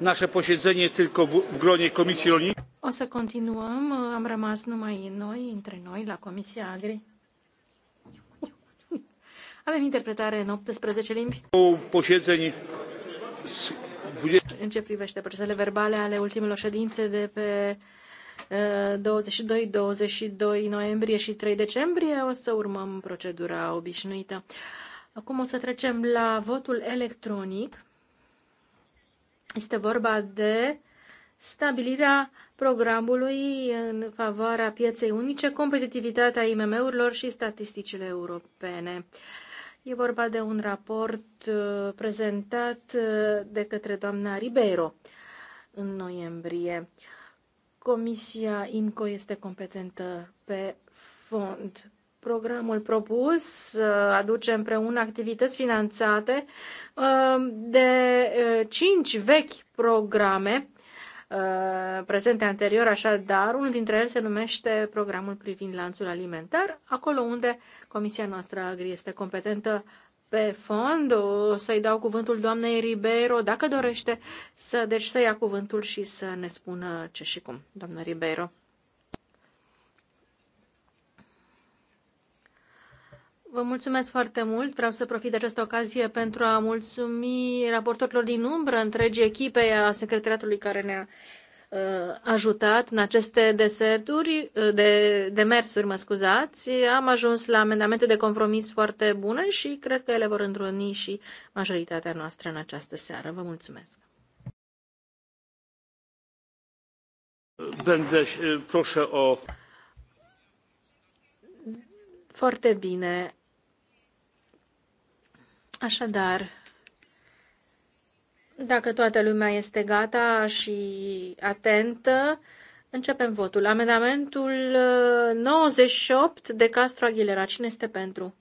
nasze posiedzenie tylko w gronie Komisji Rolnictwa. O să continuăm. Am rămas numai noi, între noi, la Comisia Agri. Avem interpretare în 18 limbi. Posiedzeni în ce privește procesele verbale ale ultimelor ședințe de pe 22-22 noiembrie și 3 decembrie, o să urmăm procedura obișnuită. Acum o să trecem la votul electronic. Este vorba de stabilirea programului în favoarea pieței unice, competitivitatea IMM-urilor și statisticile europene. E vorba de un raport uh, prezentat uh, de către doamna Ribeiro în noiembrie. Comisia IMCO este competentă pe fond programul propus aduce împreună activități finanțate uh, de uh, cinci vechi programe uh, prezente anterior, așadar, unul dintre ele se numește programul privind lanțul alimentar, acolo unde Comisia noastră Agri este competentă pe fond. O să-i dau cuvântul doamnei Ribeiro, dacă dorește, să, deci să ia cuvântul și să ne spună ce și cum. Doamna Ribeiro. Vă mulțumesc foarte mult. Vreau să profit de această ocazie pentru a mulțumi raportorilor din umbră, întregii echipe a secretariatului care ne-a uh, ajutat în aceste deserturi, uh, de, demersuri, mă scuzați. Am ajuns la amendamente de compromis foarte bune și cred că ele vor întruni și majoritatea noastră în această seară. Vă mulțumesc. Bende, proșe o... Foarte bine. Așadar, dacă toată lumea este gata și atentă, începem votul. Amendamentul 98 uh, de Castro Aguilera. Cine este pentru?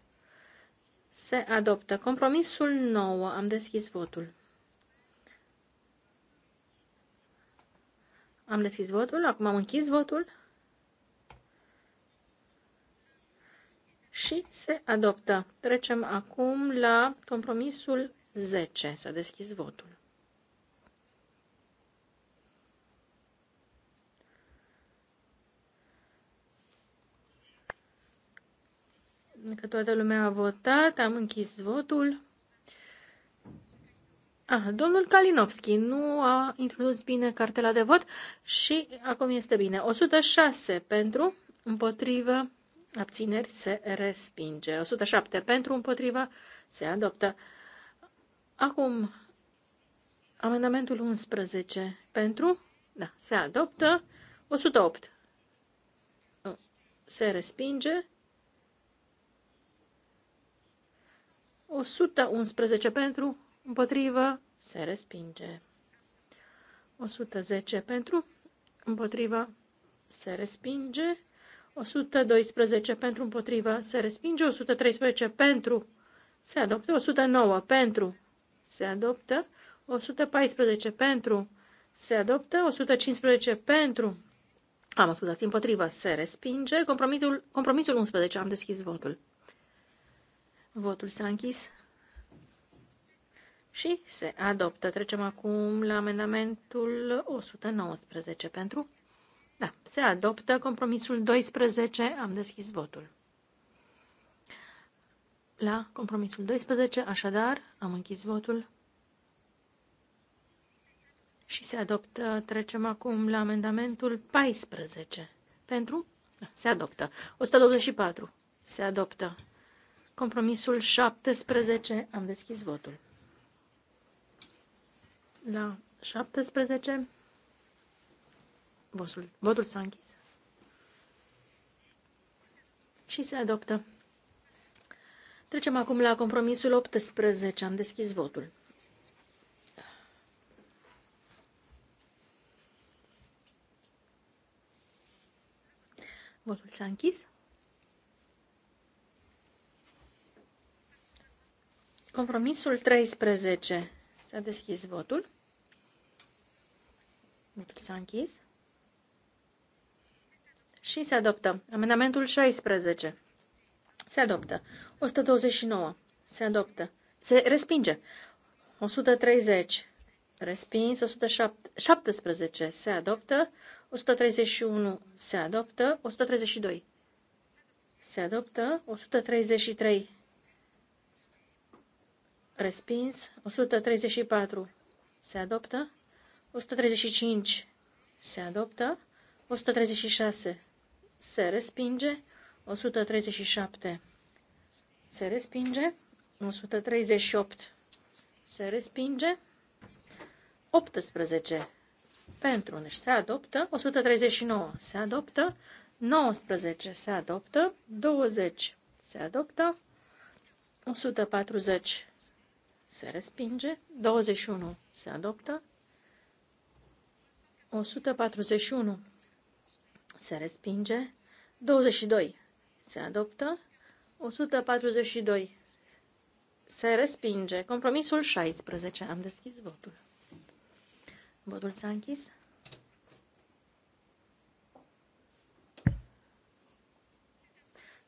Se adoptă. Compromisul 9. Am deschis votul. Am deschis votul. Acum am închis votul. și se adoptă. Trecem acum la compromisul 10. S-a deschis votul. Că toată lumea a votat, am închis votul. Ah, domnul Kalinowski nu a introdus bine cartela de vot și acum este bine. 106 pentru, împotrivă, abțineri se respinge. 107 pentru, împotriva, se adoptă. Acum, amendamentul 11 pentru, da, se adoptă. 108 se respinge. 111 pentru, împotrivă, se respinge. 110 pentru, împotrivă, se respinge. 112 pentru împotrivă se respinge, 113 pentru se adoptă, 109 pentru se adoptă, 114 pentru se adoptă, 115 pentru am scuzați, împotrivă se respinge, compromisul, compromisul 11, am deschis votul. Votul s-a închis și se adoptă. Trecem acum la amendamentul 119 pentru da, se adoptă compromisul 12. Am deschis votul. La compromisul 12, așadar, am închis votul și se adoptă. Trecem acum la amendamentul 14. Pentru? Da, se adoptă. 184. Se adoptă. Compromisul 17. Am deschis votul. La 17 Votul, votul s-a închis. Și se adoptă. Trecem acum la compromisul 18. Am deschis votul. Votul s-a închis. Compromisul 13. S-a deschis votul. Votul s-a închis și se adoptă. Amendamentul 16 se adoptă. 129 se adoptă. Se respinge. 130 respins. 117 se adoptă. 131 se adoptă. 132 se adoptă. 133 respins. 134 se adoptă. 135 se adoptă. 136 se respinge. 137 se respinge. 138 se respinge. 18 pentru, unde deci se adoptă. 139 se adoptă. 19 se adoptă. 20 se adoptă. 140 se respinge, 21 se adoptă, 141 se respinge, 22 se adoptă, 142 se respinge, compromisul 16, am deschis votul. Votul s-a închis.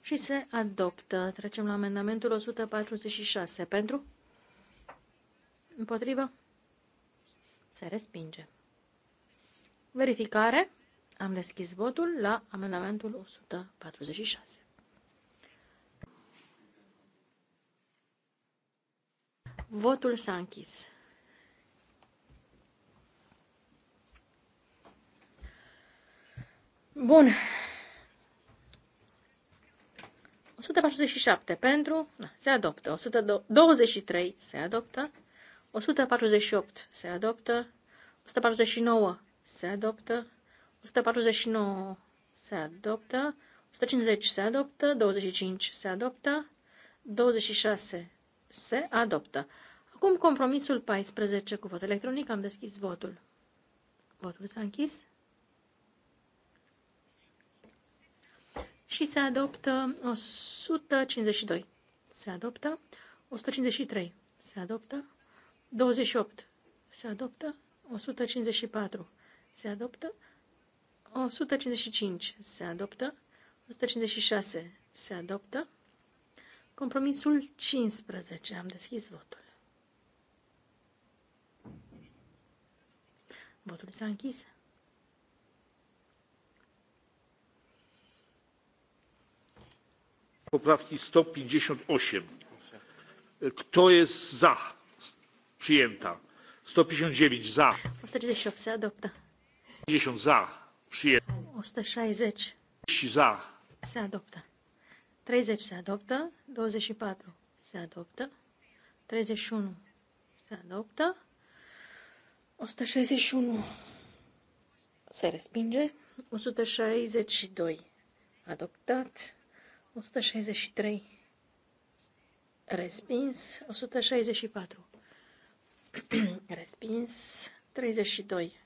Și se adoptă. Trecem la amendamentul 146. Pentru? Împotrivă? Se respinge. Verificare. Am deschis votul la amendamentul 146. Votul s-a închis. Bun. 147 pentru, da, se adoptă. 123 se adoptă. 148 se adoptă. 149 se adoptă. 149 se adoptă, 150 se adoptă, 25 se adoptă, 26 se adoptă. Acum compromisul 14 cu vot electronic. Am deschis votul. Votul s-a închis. Și se adoptă 152. Se adoptă 153. Se adoptă 28. Se adoptă 154. Se adoptă 155 se adoptă. 156 se adoptă. Compromisul 15. Am deschis votul. Votul s-a închis. Poprawki 158. Kto jest za? Przyjęta. 159 za. 158 se adoptă. 50 za și 160. Și za. Se adoptă. 30 se adoptă. 24 se adoptă. 31 se adoptă. 161 se respinge. 162 adoptat. 163 respins. 164 respins. 32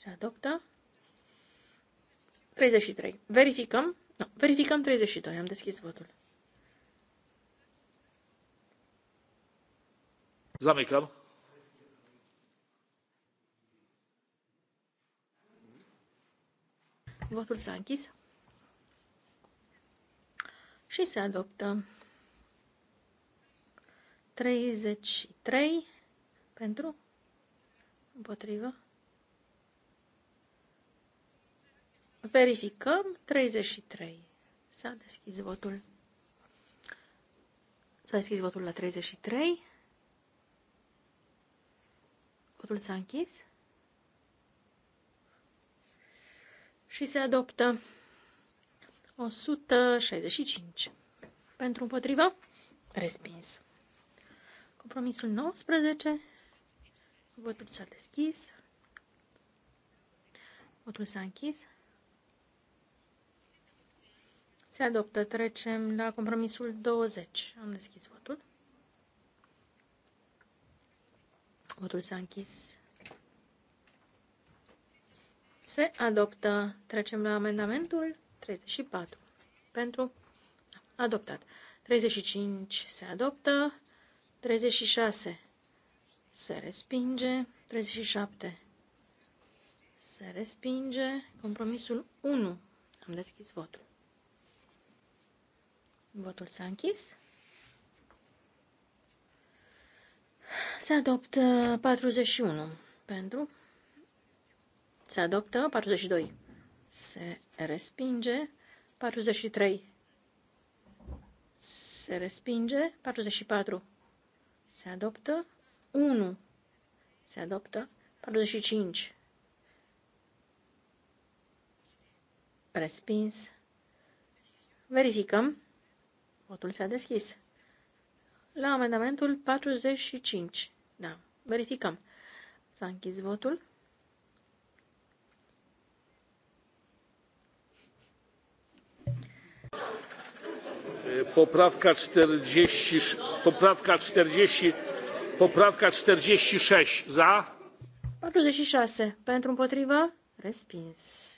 se adoptă. 33. Verificăm. No, verificăm 32. Am deschis votul. Zamykam. Votul s-a închis. Și se adoptă 33 pentru împotrivă Verificăm 33. S-a deschis votul. S-a deschis votul la 33. Votul s-a închis. Și se adoptă 165. Pentru împotriva, respins. Compromisul 19. Votul s-a deschis. Votul s-a închis. Se adoptă. Trecem la compromisul 20. Am deschis votul. Votul s-a închis. Se adoptă. Trecem la amendamentul 34. Pentru adoptat. 35 se adoptă. 36 se respinge. 37 se respinge. Compromisul 1. Am deschis votul. Votul s-a închis. Se adoptă 41 pentru. Se adoptă 42. Se respinge 43. Se respinge 44. Se adoptă 1. Se adoptă 45. Respins. Verificăm. Votul s-a deschis. La amendamentul 45. Da. Verificăm. S-a închis votul. Poprawka 40, poprawka 40, poprawka 46 za. 46 pentru împotrivă, respins.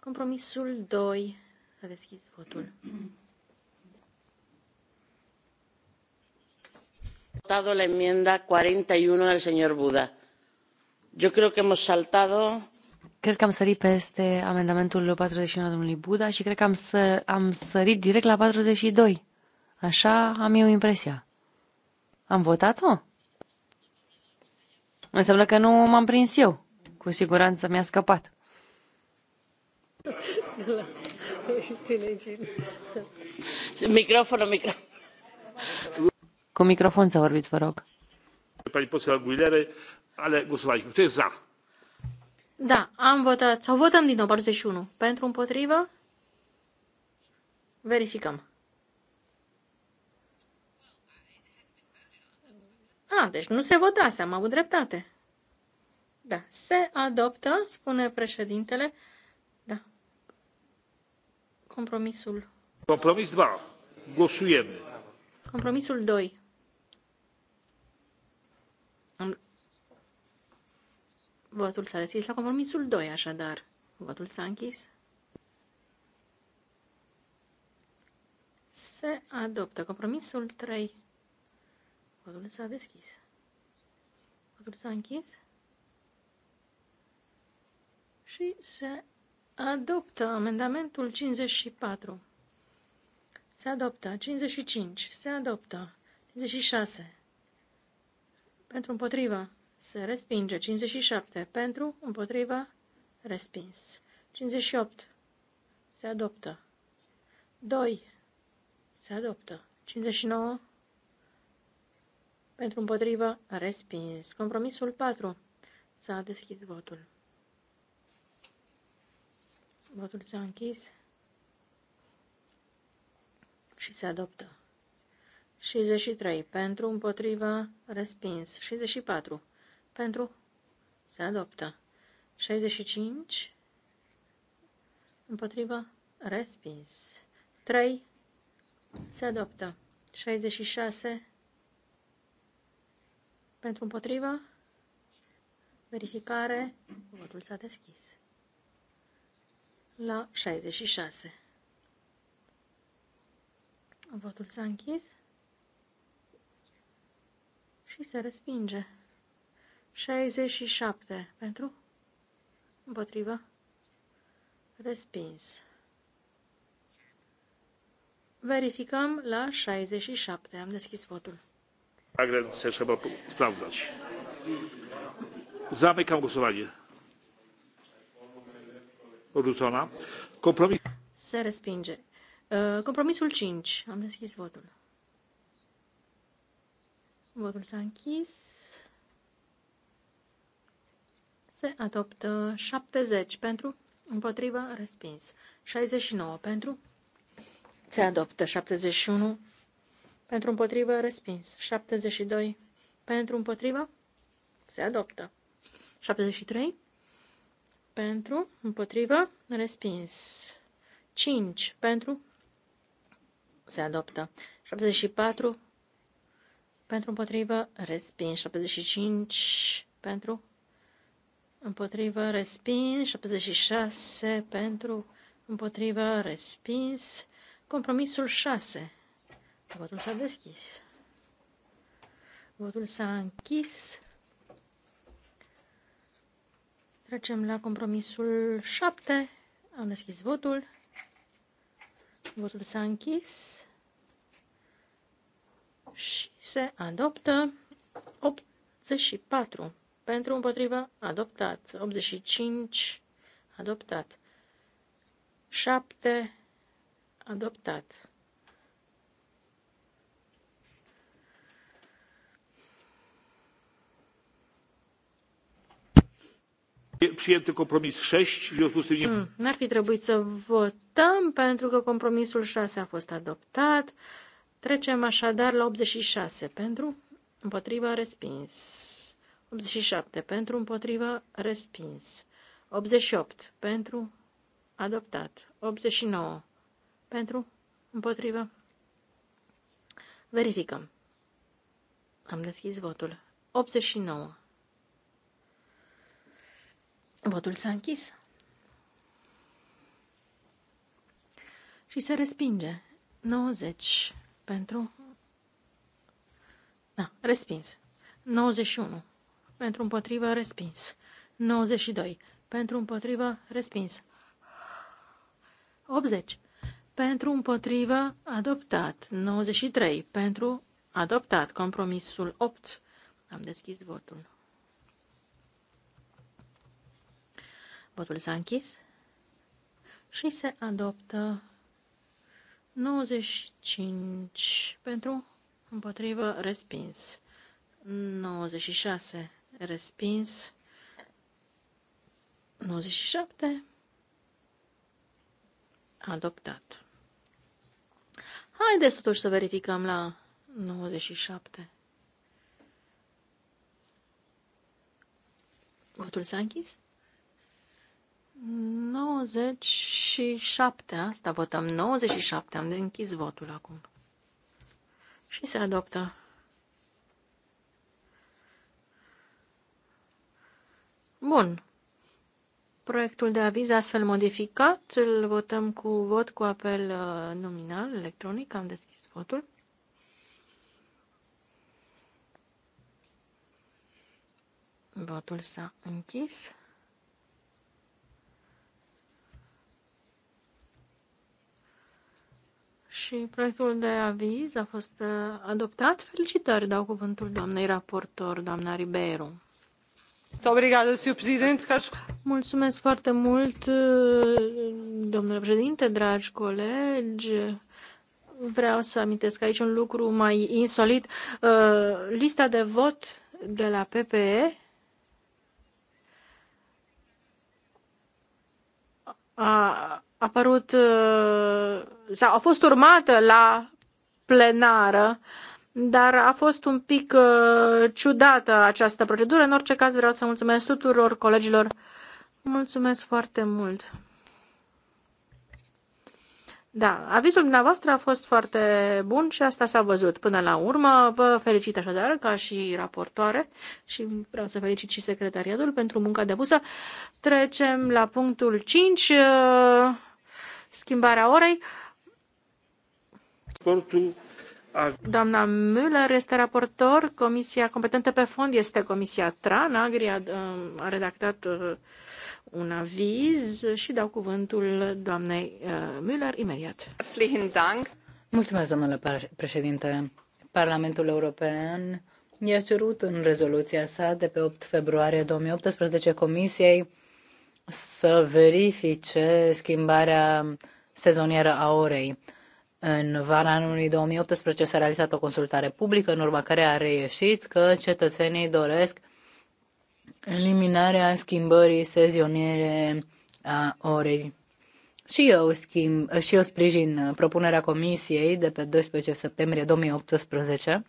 Compromisul 2. A deschis votul. adoptado la enmienda cuarenta y uno del señor Buda. Yo creo que hemos saltado Cred că am sărit peste amendamentul 41 al domnului Buda și cred că am, să, am sărit direct la 42. Așa am eu impresia. Am votat-o? Înseamnă că nu m-am prins eu. Cu siguranță mi-a scăpat. Microfonul, microfonul. Cu microfon să vorbiți, vă rog. Pani poseł Aguilera, ale głosowaliśmy. Kto za? Da, am votat. Sau votăm din nou 41. Pentru împotrivă? Verificăm. A, deci nu se votase, am avut dreptate. Da, se adoptă, spune președintele. Da. Compromisul. Compromis 2. Głosujemy. Compromisul 2. Votul s-a deschis la compromisul 2, așadar. Votul s-a închis. Se adoptă compromisul 3. Votul s-a deschis. Votul s-a închis. Și se adoptă amendamentul 54. Se adoptă 55. Se adoptă 56. Pentru împotriva. Se respinge. 57. Pentru, împotriva, respins. 58. Se adoptă. 2. Se adoptă. 59. Pentru împotriva, respins. Compromisul 4. S-a deschis votul. Votul s-a închis și se adoptă. 63. Pentru împotriva, respins. 64 pentru, se adoptă. 65 împotrivă, respins. 3 se adoptă. 66 pentru împotrivă, verificare, votul s-a deschis. La 66. Votul s-a închis și se respinge. 67 pentru, împotrivă, respins. Verificăm la 67. Am deschis votul. Na se trzeba sprawdzać. Zamykam głosowanie. Odrzucona. Compromis... Se respinge. Compromisul 5. Am deschis votul. Votul s-a închis se adoptă 70 pentru, împotrivă, respins. 69 pentru, se adoptă 71 pentru, împotrivă, respins. 72 pentru, împotrivă, se adoptă. 73 pentru, împotrivă, respins. 5 pentru, se adoptă. 74 pentru împotrivă, respins. 75 pentru împotrivă respins, 76 pentru împotrivă respins, compromisul 6. Votul s-a deschis. Votul s-a închis. Trecem la compromisul 7. Am deschis votul. Votul s-a închis și se adoptă 84 pentru împotriva adoptat. 85 adoptat. 7 adoptat. Przyjęty kompromis 6, w hmm, N-ar fi trebuit să votăm pentru că compromisul 6 a fost adoptat. Trecem așadar la 86 pentru împotriva respins. 87 pentru împotrivă respins. 88 pentru adoptat. 89 pentru împotrivă. Verificăm. Am deschis votul. 89. Votul s-a închis. Și se respinge. 90 pentru... Da, respins. 91 pentru împotrivă respins. 92 pentru împotrivă respins. 80 pentru împotrivă adoptat. 93 pentru adoptat. Compromisul 8. Am deschis votul. Votul s-a închis și se adoptă 95 pentru împotrivă respins. 96 respins. 97, adoptat. Haideți totuși să verificăm la 97. Votul s-a închis? 97, asta votăm. 97, am închis votul acum. Și se adoptă. Bun. Proiectul de aviz astfel modificat îl votăm cu vot cu apel uh, nominal electronic. Am deschis votul. Votul s-a închis. Și proiectul de aviz a fost uh, adoptat. Felicitări, dau cuvântul doamnei raportor, doamna Ribeiro. Mulțumesc foarte mult, domnule președinte, dragi colegi. Vreau să amintesc aici un lucru mai insolit. Uh, lista de vot de la PPE a apărut uh, sau a fost urmată la plenară dar a fost un pic uh, ciudată această procedură. În orice caz vreau să mulțumesc tuturor colegilor. Mulțumesc foarte mult! Da, avizul dumneavoastră a fost foarte bun și asta s-a văzut până la urmă. Vă felicit așadar ca și raportoare și vreau să felicit și secretariatul pentru munca depusă. Trecem la punctul 5, uh, schimbarea orei. Sportul Doamna Müller este raportor, comisia competentă pe fond este comisia TRAN, Agri a, um, a redactat uh, un aviz și dau cuvântul doamnei uh, Müller imediat. Mulțumesc, domnule președinte. Parlamentul European i-a cerut în rezoluția sa de pe 8 februarie 2018 Comisiei să verifice schimbarea sezonieră a orei. În vara anului 2018 s-a realizat o consultare publică, în urma care a reieșit că cetățenii doresc eliminarea schimbării sezoniere a orei. Și eu, schimb, și eu sprijin propunerea comisiei de pe 12 septembrie 2018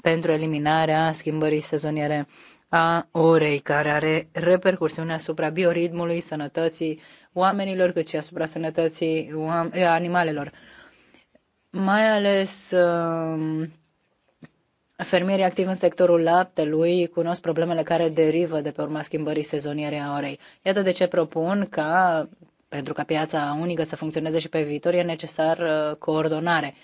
pentru eliminarea schimbării sezoniere a orei, care are repercursiune asupra bioritmului, sănătății oamenilor, cât și asupra sănătății eh, animalelor. Mai ales um, fermierii activi în sectorul laptelui cunosc problemele care derivă de pe urma schimbării sezoniere a orei. Iată de ce propun ca, pentru ca piața unică să funcționeze și pe viitor, e necesar coordonare.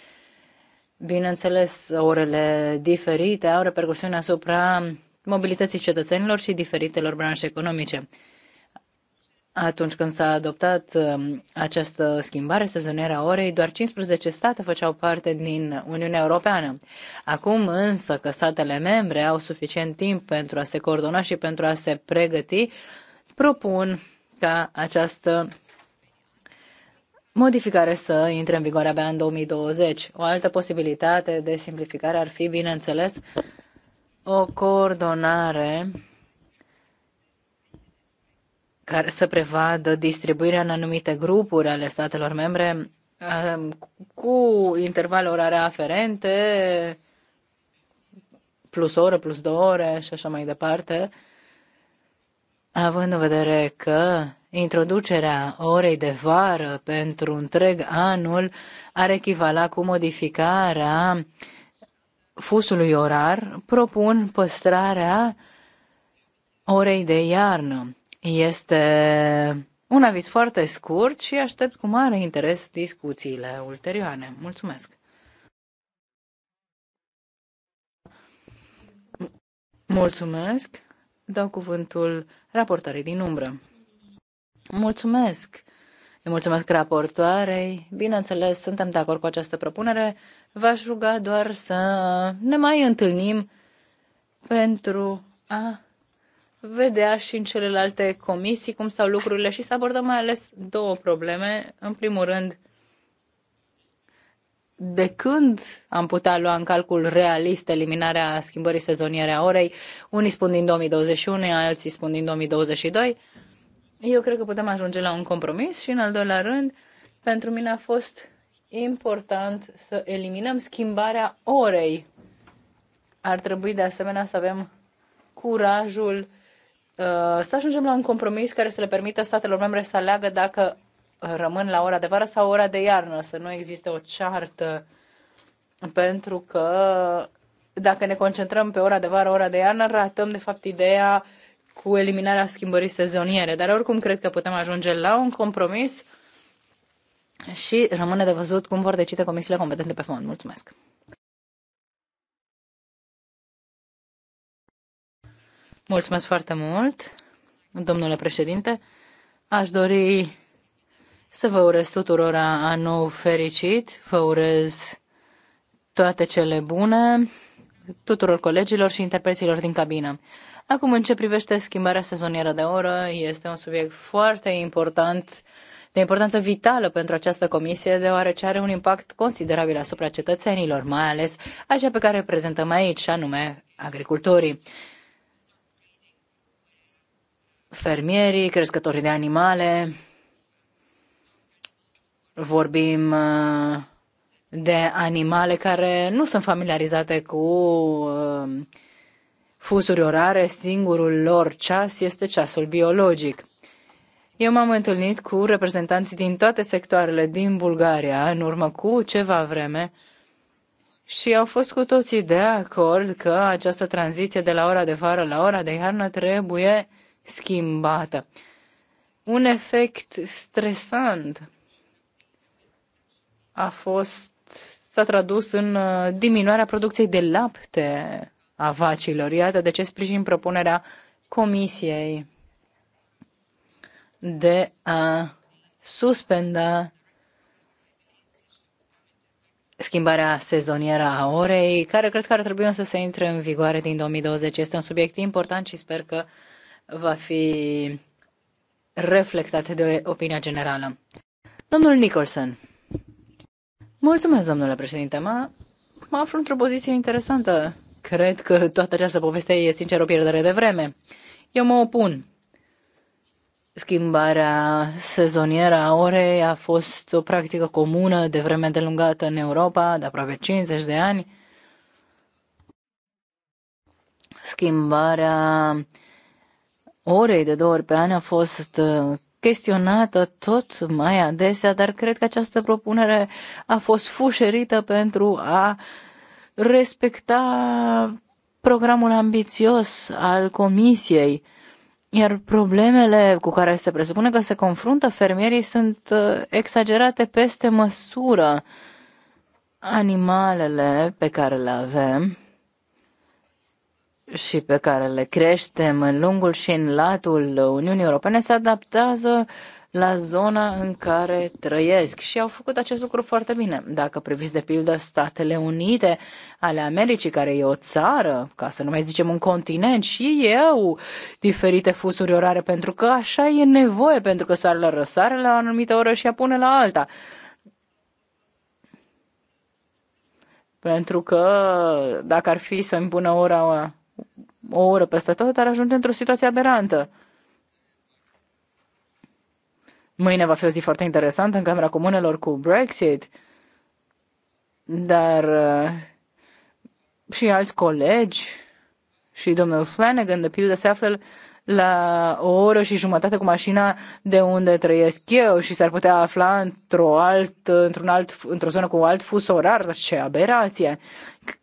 Bineînțeles, orele diferite au repercursiune asupra mobilității cetățenilor și diferitelor branșe economice. Atunci când s-a adoptat um, această schimbare sezonieră a orei, doar 15 state făceau parte din Uniunea Europeană. Acum însă că statele membre au suficient timp pentru a se coordona și pentru a se pregăti, propun ca această modificare să intre în vigoare abia în 2020. O altă posibilitate de simplificare ar fi, bineînțeles, o coordonare care să prevadă distribuirea în anumite grupuri ale statelor membre ehm, cu intervale orare aferente, plus oră, plus două ore și așa mai departe, având în vedere că introducerea orei de vară pentru întreg anul ar echivala cu modificarea fusului orar, propun păstrarea orei de iarnă. Este un aviz foarte scurt și aștept cu mare interes discuțiile ulterioare. Mulțumesc! Mulțumesc! Dau cuvântul raportării din umbră. Mulțumesc! Îi mulțumesc raportoarei. Bineînțeles, suntem de acord cu această propunere. V-aș ruga doar să ne mai întâlnim pentru a vedea și în celelalte comisii cum stau lucrurile și să abordăm mai ales două probleme. În primul rând, de când am putea lua în calcul realist eliminarea schimbării sezoniere a orei? Unii spun din 2021, alții spun din 2022. Eu cred că putem ajunge la un compromis și, în al doilea rând, pentru mine a fost important să eliminăm schimbarea orei. Ar trebui, de asemenea, să avem curajul uh, să ajungem la un compromis care să le permită statelor membre să aleagă dacă rămân la ora de vară sau ora de iarnă, să nu existe o ceartă, pentru că dacă ne concentrăm pe ora de vară, ora de iarnă, ratăm, de fapt, ideea uh, cu eliminarea schimbării sezoniere, dar oricum cred că putem ajunge la un compromis și rămâne de văzut cum vor decide comisiile competente pe fond. Mulțumesc! Mulțumesc foarte mult, domnule președinte. Aș dori să vă urez tuturora anul fericit, vă urez toate cele bune tuturor colegilor și interpreților din cabină. Acum, în ce privește schimbarea sezonieră de oră, este un subiect foarte important, de importanță vitală pentru această comisie, deoarece are un impact considerabil asupra cetățenilor, mai ales așa pe care prezentăm aici, anume agricultorii. Fermierii, crescătorii de animale, vorbim uh, de animale care nu sunt familiarizate cu uh, fuzuri orare, singurul lor ceas este ceasul biologic. Eu m-am întâlnit cu reprezentanți din toate sectoarele din Bulgaria în urmă cu ceva vreme și au fost cu toții de acord că această tranziție de la ora de vară la ora de iarnă trebuie schimbată. Un efect stresant a fost s-a tradus în uh, diminuarea producției de lapte a vacilor. Iată de ce sprijin propunerea Comisiei de a suspenda schimbarea sezonieră a orei, care cred că ar trebui să se intre în vigoare din 2020. Este un subiect important și sper că va fi reflectat de opinia generală. Domnul Nicholson. Mulțumesc, domnule președinte. Mă, mă aflu într-o poziție interesantă. Cred că toată această poveste e sincer o pierdere de vreme. Eu mă opun. Schimbarea sezonieră a orei a fost o practică comună de vreme delungată în Europa, de aproape 50 de ani. Schimbarea orei de două ori pe an a fost uh, chestionată tot mai adesea, dar cred că această propunere a fost fușerită pentru a respecta programul ambițios al Comisiei. Iar problemele cu care se presupune că se confruntă fermierii sunt uh, exagerate peste măsură. Animalele pe care le avem și pe care le creștem în lungul și în latul Uniunii Europene se adaptează la zona în care trăiesc și au făcut acest lucru foarte bine. Dacă priviți de pildă Statele Unite ale Americii, care e o țară, ca să nu mai zicem un continent, și ei au diferite fusuri orare, pentru că așa e nevoie, pentru că soarele răsare la o anumită oră și apune la alta. Pentru că dacă ar fi să pună ora o oră peste tot, dar ajunge într-o situație aberantă. Mâine va fi o zi foarte interesantă în Camera Comunelor cu Brexit, dar uh, și alți colegi și domnul Flanagan, de pildă, se află la o oră și jumătate cu mașina de unde trăiesc eu și s-ar putea afla într-o alt, într alt, într-o zonă cu alt fus orar, ce aberație.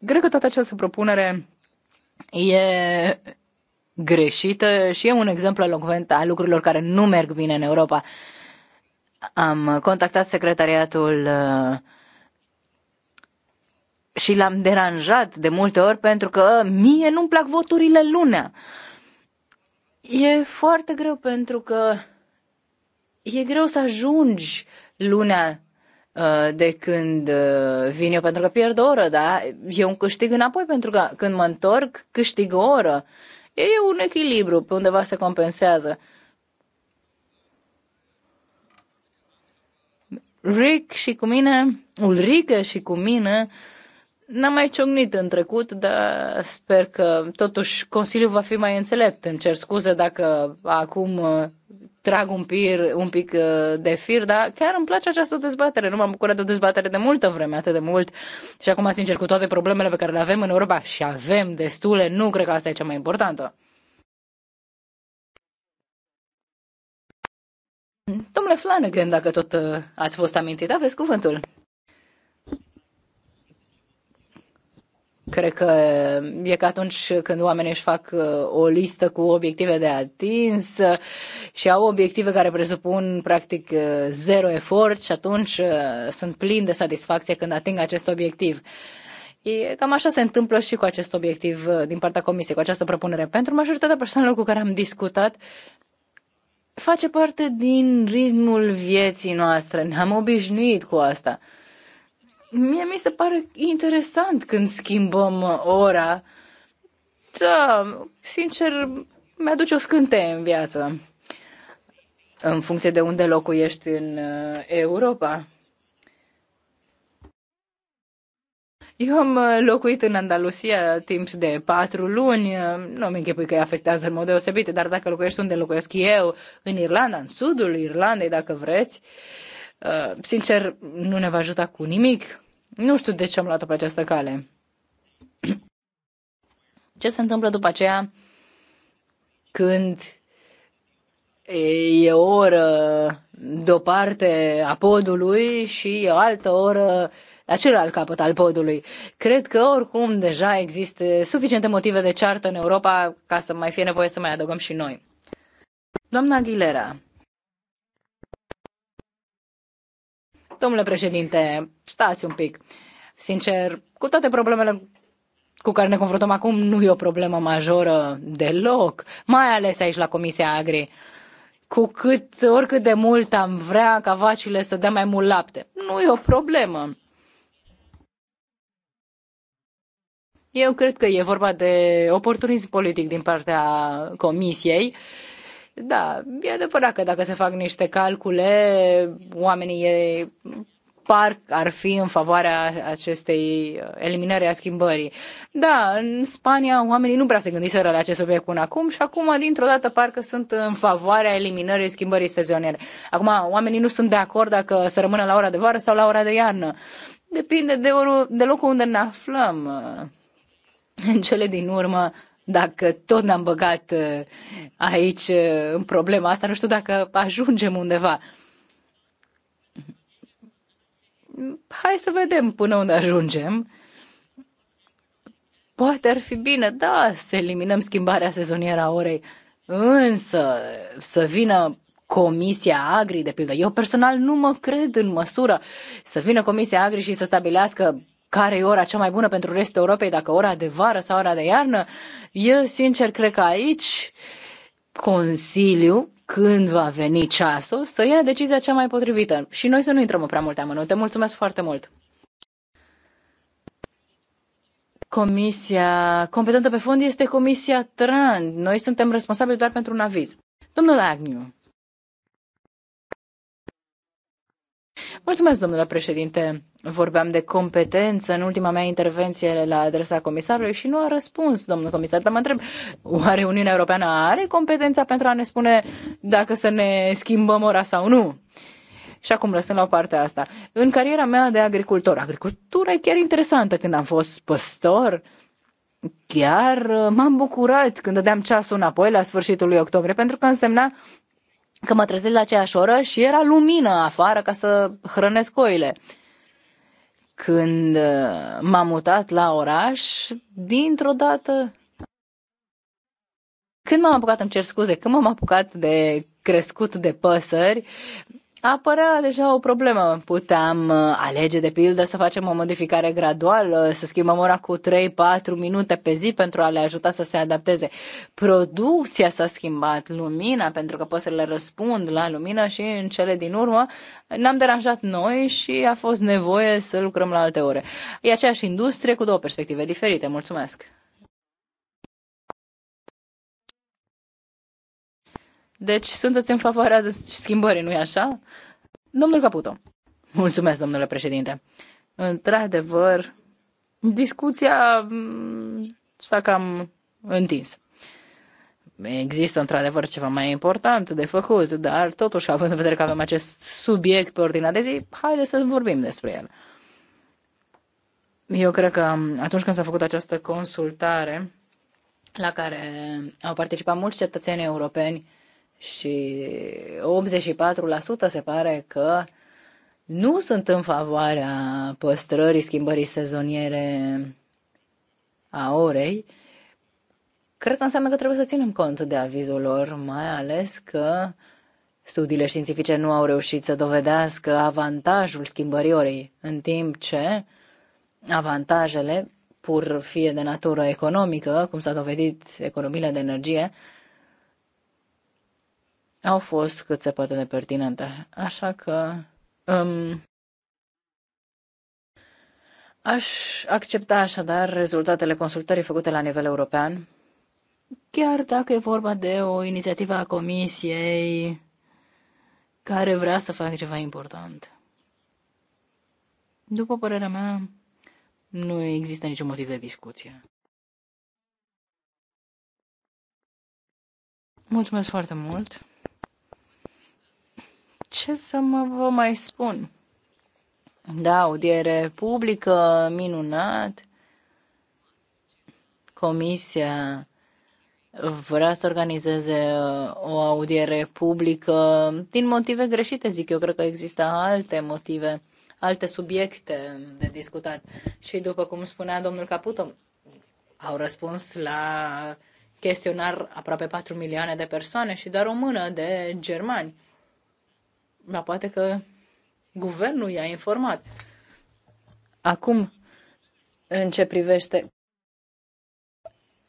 Cred că toată această propunere e greșită și e un exemplu elocvent al lucrurilor care nu merg bine în Europa. Am contactat secretariatul uh, și l-am deranjat de multe ori pentru că mie nu-mi plac voturile lunea. E foarte greu pentru că e greu să ajungi lunea Uh, de când uh, vin eu pentru că pierd o oră, da? Eu un câștig înapoi pentru că când mă întorc, câștig o oră. E un echilibru, pe undeva se compensează. Rick și cu mine, Ulrike și cu mine, n-am mai ciocnit în trecut, dar sper că totuși Consiliul va fi mai înțelept. Îmi cer scuze dacă acum uh, trag un, pir, un pic uh, de fir, dar chiar îmi place această dezbatere. Nu m-am bucurat de o dezbatere de multă vreme, atât de mult. Și acum, sincer, cu toate problemele pe care le avem în Europa, și avem destule, nu cred că asta e cea mai importantă. Domnule Flanagan, dacă tot uh, ați fost amintit, aveți cuvântul. Cred că e ca atunci când oamenii își fac uh, o listă cu obiective de atins uh, și au obiective care presupun practic uh, zero efort și atunci sunt plini de satisfacție când ating acest obiectiv. E, cam așa se întâmplă și cu acest obiectiv din partea Comisiei, cu această propunere. Pentru majoritatea persoanelor cu care am discutat, face parte din ritmul vieții noastre. Ne-am obișnuit cu asta. Mie mi se pare interesant când schimbăm uh, ora. Da, sincer, mi-aduce o scânteie în viață. În funcție de unde locuiești în uh, Europa. Eu am uh, locuit în Andalusia timp de patru luni, nu mi închipui că îi afectează în mod deosebit, dar dacă locuiești unde locuiesc eu, în Irlanda, în sudul Irlandei, dacă vreți, sincer, nu ne va ajuta cu nimic. Nu știu de ce am luat-o pe această cale. Ce se întâmplă după aceea când e o oră de o parte a podului și o altă oră la celălalt capăt al podului. Cred că oricum deja există suficiente motive de ceartă în Europa ca să mai fie nevoie să mai adăugăm și noi. Doamna Aguilera, Domnule președinte, stați un pic. Sincer, cu toate problemele cu care ne confruntăm acum, nu e o problemă majoră deloc, mai ales aici la Comisia Agri. Cu cât, oricât de mult am vrea ca vacile să dea mai mult lapte, nu e o problemă. Eu cred că e vorba de oportunism politic din partea Comisiei. Uh, da, e adevărat că dacă se fac niște calcule, oamenii e, par ar fi în favoarea acestei uh, eliminări a schimbării. Da, în Spania oamenii nu prea se gândiseră la acest subiect până acum și acum, dintr-o dată, parcă sunt în favoarea eliminării schimbării sezoniere. Acum, oamenii nu sunt de acord dacă să rămână la ora de vară sau la ora de iarnă. Depinde de, or- de locul unde ne aflăm. Uh, în cele din urmă, dacă tot ne-am băgat uh, aici uh, în problema asta, nu știu dacă ajungem undeva. Hai să vedem până unde ajungem. Poate ar fi bine, da, să eliminăm schimbarea sezonieră a orei, însă să vină Comisia Agri, de pildă. Eu personal nu mă cred în măsură să vină Comisia Agri și să stabilească care e ora cea mai bună pentru restul Europei, dacă ora de vară sau ora de iarnă. Eu, sincer, cred că aici Consiliu, când va veni ceasul, să ia decizia cea mai potrivită. Și noi să nu intrăm în prea multe amănunte. Mulțumesc foarte mult! Comisia competentă pe fond este Comisia TRAN. Noi suntem responsabili doar pentru un aviz. Domnul Agniu, Mulțumesc, domnule președinte. Vorbeam de competență în ultima mea intervenție la adresa comisarului și nu a răspuns, domnul comisar. Dar mă întreb, oare Uniunea Europeană are competența pentru a ne spune dacă să ne schimbăm ora sau nu? Și acum lăsând la o parte asta. În cariera mea de agricultor, agricultura e chiar interesantă. Când am fost păstor, chiar m-am bucurat când dădeam ceasul înapoi la sfârșitul lui octombrie, pentru că însemna că mă trezesc la aceeași oră și era lumină afară ca să hrănesc oile. Când uh, m-am mutat la oraș, dintr-o dată... Când m-am apucat, îmi cer scuze, când m-am apucat de crescut de păsări, apărea deja o problemă. Puteam uh, alege, de pildă, să facem o modificare graduală, să schimbăm ora cu 3-4 minute pe zi pentru a le ajuta să se adapteze. Producția s-a schimbat, lumina, pentru că păsările răspund la lumină și în cele din urmă ne-am deranjat noi și a fost nevoie să lucrăm la alte ore. E aceeași industrie cu două perspective diferite. Mulțumesc! Deci sunteți în favoarea schimbării, nu-i așa? Domnul Caputo. Mulțumesc, domnule președinte. Într-adevăr, discuția mm, s-a cam întins. Există într-adevăr ceva mai important de făcut, dar totuși, având în vedere că avem acest subiect pe ordinea de zi, haide să vorbim despre el. Eu cred că mm, atunci când s-a făcut această consultare, la care au participat mulți cetățeni europeni, și 84% se pare că nu sunt în favoarea păstrării schimbării sezoniere a orei, cred că înseamnă că trebuie să ținem cont de avizul lor, mai ales că studiile științifice nu au reușit să dovedească avantajul schimbării orei, în timp ce avantajele, pur fie de natură economică, cum s-a dovedit economiile de energie, au fost cât se poate de pertinente. Așa că um, aș accepta așadar rezultatele consultării făcute la nivel european, chiar dacă e vorba de o inițiativă a Comisiei care vrea să facă ceva important. După părerea mea, nu există niciun motiv de discuție. Mulțumesc foarte mult! ce să mă vă mai spun? Da, audiere publică, minunat. Comisia vrea să organizeze uh, o audiere publică din motive greșite, zic eu. Cred că există alte motive, alte subiecte de discutat. Și după cum spunea domnul Caputo, au răspuns la chestionar aproape 4 milioane de persoane și doar o mână de germani. Dar poate că guvernul i-a informat. Acum, în ce privește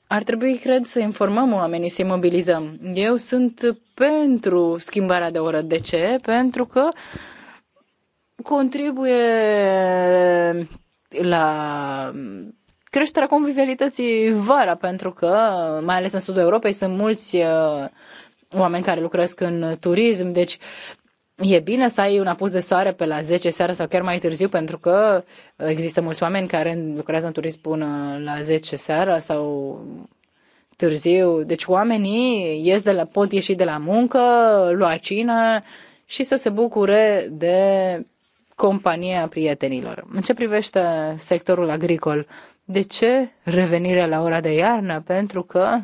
ar trebui, cred, să informăm oamenii, să-i mobilizăm. Eu sunt pentru schimbarea de oră. De ce? Pentru că contribuie la creșterea convivialității vara, pentru că, mai ales în sudul Europei, sunt mulți uh, oameni care lucrează în turism, deci e bine să ai un apus de soare pe la 10 seara sau chiar mai târziu, pentru că există mulți oameni care lucrează în turism până la 10 seara sau târziu. Deci oamenii ies de la, pot ieși de la muncă, lua cină și să se bucure de compania prietenilor. În ce privește sectorul agricol, de ce revenirea la ora de iarnă? Pentru că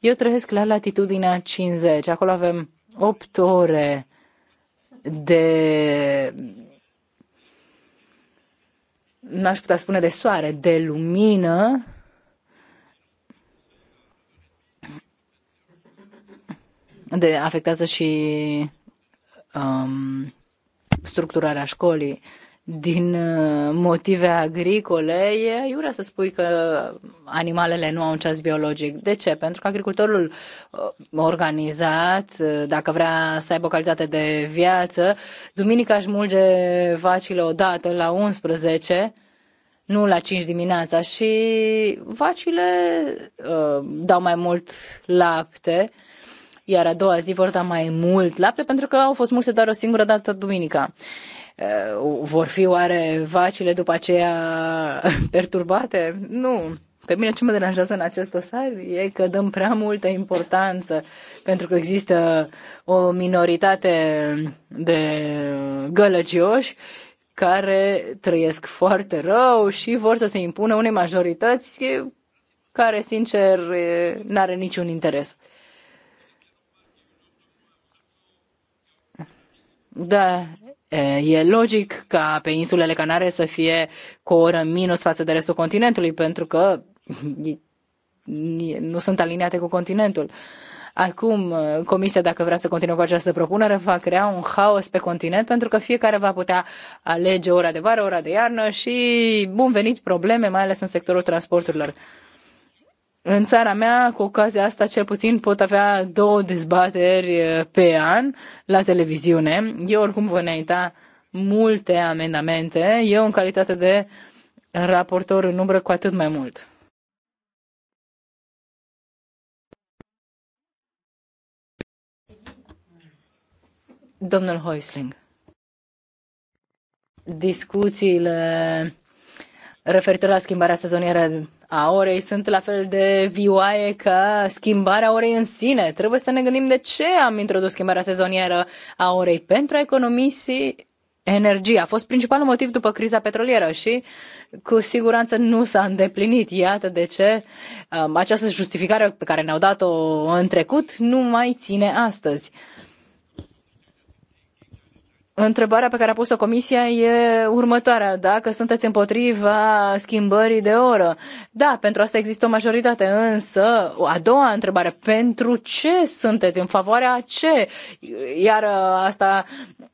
eu trăiesc la latitudinea 50, acolo avem 8 ore de n-aș putea spune de soare, de lumină, de afectează și um, structurarea școlii. Uh, din uh, motive agricole, e iurea să spui că animalele nu au un ceas biologic. De ce? Pentru că agricultorul uh, organizat, uh, dacă vrea să aibă o calitate de viață, duminica își mulge vacile odată la 11, nu la 5 dimineața și vacile uh, dau mai mult lapte, iar a doua zi vor da mai mult lapte pentru că au fost multe doar o singură dată duminica. Eh, vor fi oare vacile după aceea perturbate? Nu. Pe mine ce mă deranjează în acest dosar e că dăm prea multă importanță pentru că există o minoritate de gălăgioși care trăiesc foarte rău și vor să se impună unei majorități care, sincer, n-are niciun interes. Da, E logic ca pe insulele Canare să fie cu o oră minus față de restul continentului, pentru că nu sunt aliniate cu continentul. Acum, Comisia, dacă vrea să continue cu această propunere, va crea un haos pe continent pentru că fiecare va putea alege ora de vară, ora de iarnă și, bun venit, probleme, mai ales în sectorul transporturilor. În țara mea, cu ocazia asta, cel puțin pot avea două dezbateri eh, pe an la televiziune. Eu oricum voi înainta multe amendamente. Eu, în calitate de raportor în umbră, cu atât mai mult. Domnul Hoisling, discuțiile referitor la schimbarea sezonieră a orei sunt la fel de vioaie ca schimbarea orei în sine. Trebuie să ne gândim de ce am introdus schimbarea sezonieră a orei pentru a economisi energie. A fost principalul motiv după criza petrolieră și cu siguranță nu s-a îndeplinit. Iată de ce um, această justificare pe care ne-au dat-o în trecut nu mai ține astăzi. Întrebarea pe care a pus-o comisia e următoarea. Dacă sunteți împotriva schimbării de oră? Da, pentru asta există o majoritate, însă a doua întrebare, pentru ce sunteți? În favoarea ce? Iar uh, asta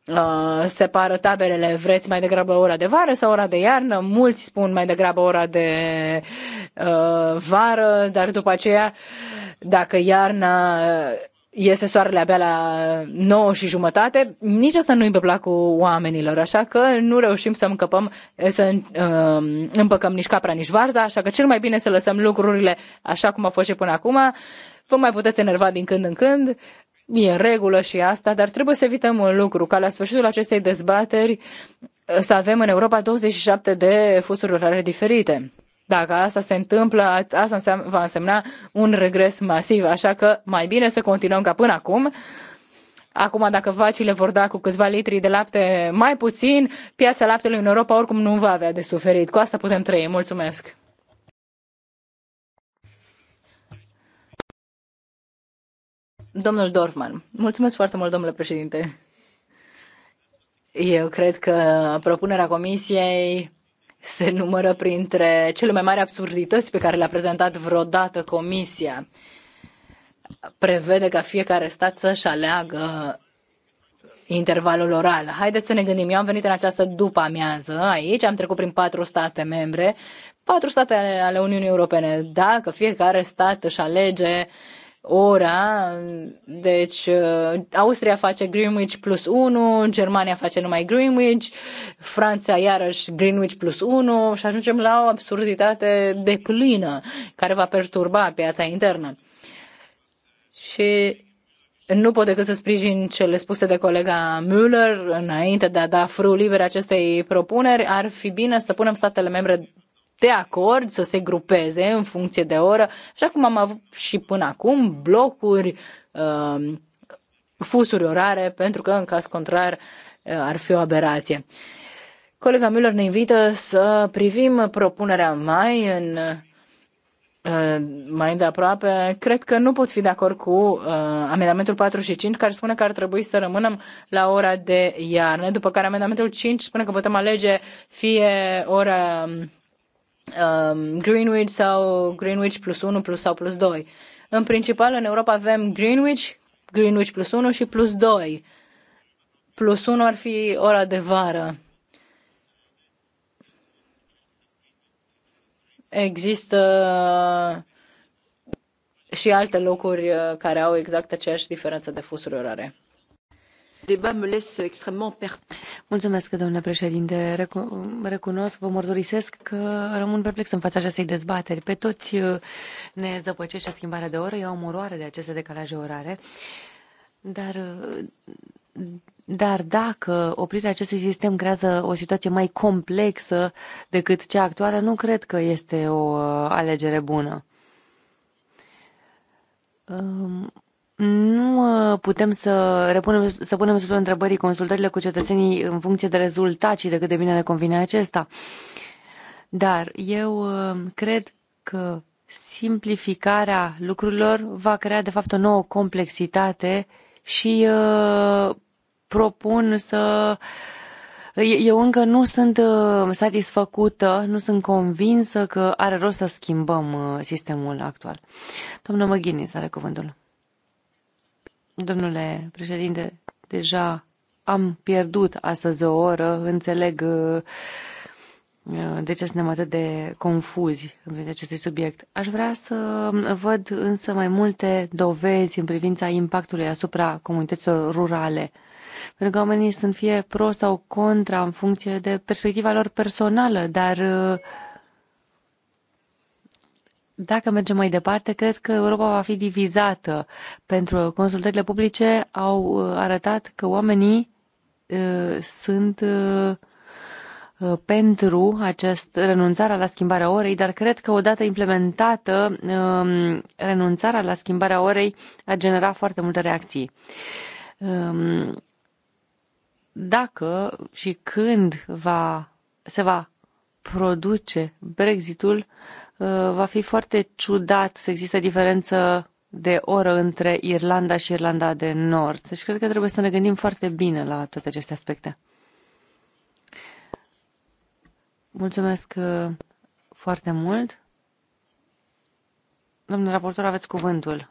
uh, separă taberele. Vreți mai degrabă ora de vară sau ora de iarnă? Mulți spun mai degrabă ora de uh, vară, dar după aceea, dacă iarna Iese soarele abia la 9 și jumătate, nici asta nu-i pe placul oamenilor, așa că nu reușim să încăpăm, eh, să ehm, împăcăm nici capra, nici varza, așa că cel mai bine să lăsăm lucrurile așa cum a fost și până acum. Vă mai puteți enerva din când în când, e în regulă și asta, dar trebuie să evităm un lucru, ca la sfârșitul acestei dezbateri eh, să avem în Europa 27 de fusuri orare diferite. Dacă asta se întâmplă, asta înseamnă, va însemna un regres masiv, așa că mai bine să continuăm ca până acum. Acum, dacă vacile vor da cu câțiva litri de lapte mai puțin, piața laptelui în Europa oricum nu va avea de suferit. Cu asta putem trăi. Mulțumesc! Domnul Dorfman. Mulțumesc foarte mult, domnule președinte. Eu cred că propunerea comisiei se numără printre cele mai mari absurdități pe care le-a prezentat vreodată Comisia. Prevede ca fiecare stat să-și aleagă intervalul oral. Haideți să ne gândim. Eu am venit în această după amiază aici, am trecut prin patru state membre, patru state ale, Uniunii Europene. Dacă fiecare stat își alege uh, ora, deci uh, Austria face Greenwich plus 1, Germania face numai Greenwich, Franța iarăși Greenwich plus 1 și ajungem la o absurditate de plină care va perturba piața internă. Și nu pot decât să sprijin cele spuse de colega Müller înainte de a da frâul liber acestei propuneri. Ar fi bine să punem statele membre de acord să se grupeze în funcție de oră, așa cum am avut și până acum, blocuri, um, fusuri orare, pentru că în caz contrar uh, ar fi o aberație. Colega Miller ne invită să privim propunerea mai în uh, mai de aproape, cred că nu pot fi de acord cu uh, amendamentul 5 care spune că ar trebui să rămânem la ora de iarnă, după care amendamentul 5 spune că putem alege fie ora um, um, Greenwich sau Greenwich plus 1 plus sau plus 2. În principal, în Europa avem Greenwich, Greenwich plus 1 și plus 2. Plus 1 ar fi ora de vară. Există uh, și alte locuri uh, care au exact aceeași diferență de fusuri orare. Mulțumesc, domnule președinte. recunosc, vă mărturisesc că rămân perplex în fața acestei dezbateri. Pe toți uh, ne zăpăcește schimbarea de oră. Eu am oroare de aceste decalaje orare. Dar uh, dar dacă oprirea acestui sistem creează o situație mai complexă decât cea actuală, nu cred că este o uh, alegere bună. Um, nu uh, putem să, repunem, să punem sub întrebării consultările cu cetățenii în funcție de rezultat și de cât de bine le convine acesta. Dar eu uh, cred că simplificarea lucrurilor va crea, de fapt, o nouă complexitate și uh, propun să. Eu încă nu sunt uh, satisfăcută, nu sunt convinsă că are rost să schimbăm sistemul actual. Doamna McGuinness are cuvântul. Domnule președinte, deja am pierdut astăzi o oră, înțeleg uh, uh, de ce suntem atât de confuzi în privința acestui subiect. Aș vrea să văd însă mai multe dovezi în privința impactului asupra comunităților rurale. Pentru că oamenii sunt fie pro sau contra în funcție de perspectiva lor personală, dar uh, dacă mergem mai departe, cred că Europa va fi divizată, pentru consultările publice au uh, arătat că oamenii uh, sunt uh, uh pentru acest renunțarea la schimbarea orei, dar cred că odată implementată, uh, renunțarea la schimbarea orei a generat foarte multe reacții. Um, dacă și când va, se va produce Brexitul, uh, va fi foarte ciudat să există diferență de oră între Irlanda și Irlanda de Nord. Deci cred că trebuie să ne gândim foarte bine la toate aceste aspecte. Mulțumesc uh, foarte mult. Domnule raportor, aveți cuvântul.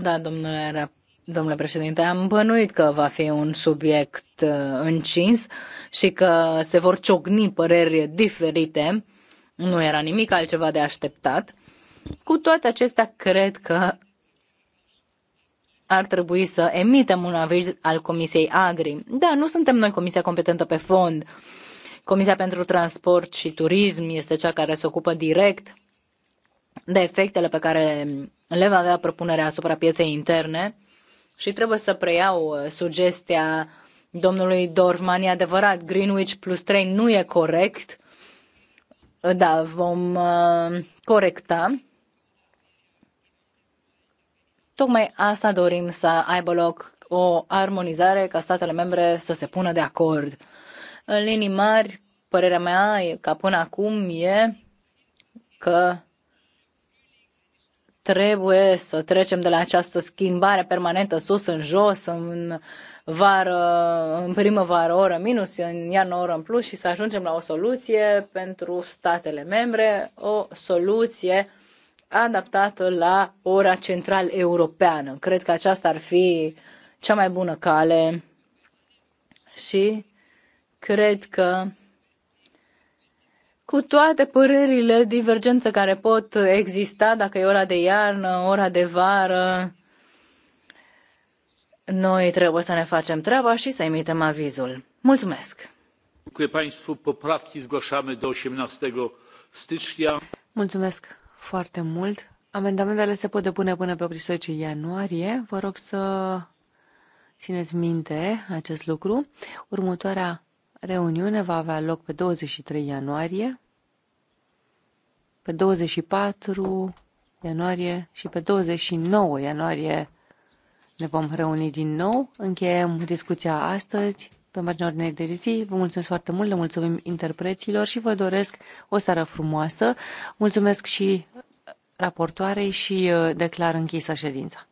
Da, domnule Domnule președinte, am bănuit că va fi un subiect uh, încins și că se vor ciocni păreri diferite. Nu era nimic altceva de așteptat. Cu toate acestea, cred că ar trebui să emitem un aviz al Comisiei Agri. Da, nu suntem noi comisia competentă pe fond. Comisia pentru Transport și Turism este cea care se ocupă direct de efectele pe care le va avea propunerea asupra pieței interne și trebuie să preiau uh, sugestia domnului Dorfman, e adevărat, Greenwich plus 3 nu e corect. Uh, da, vom uh, corecta. Tocmai asta dorim să aibă loc o armonizare ca statele membre să se pună de acord. În linii mari, părerea mea, ca până acum, e că Trebuie să trecem de la această schimbare permanentă sus în jos, în vară, în primăvară oră minus, în iarnă oră în plus și să ajungem la o soluție pentru statele membre, o soluție adaptată la ora central europeană. Cred că aceasta ar fi cea mai bună cale și cred că cu toate părerile divergență care pot exista, dacă e ora de iarnă, ora de vară, noi trebuie să ne facem treaba și să emitem avizul. Mulțumesc! Mulțumesc foarte mult! Amendamentele se pot depune până pe 18 ianuarie. Vă rog să țineți minte acest lucru. Următoarea Reuniunea va avea loc pe 23 ianuarie, pe 24 ianuarie și pe 29 ianuarie ne vom reuni din nou. Încheiem discuția astăzi pe marginea ordinei de zi. Vă mulțumesc foarte mult, le mulțumim interpreților și vă doresc o seară frumoasă. Mulțumesc și raportoarei și uh, declar închisă ședința.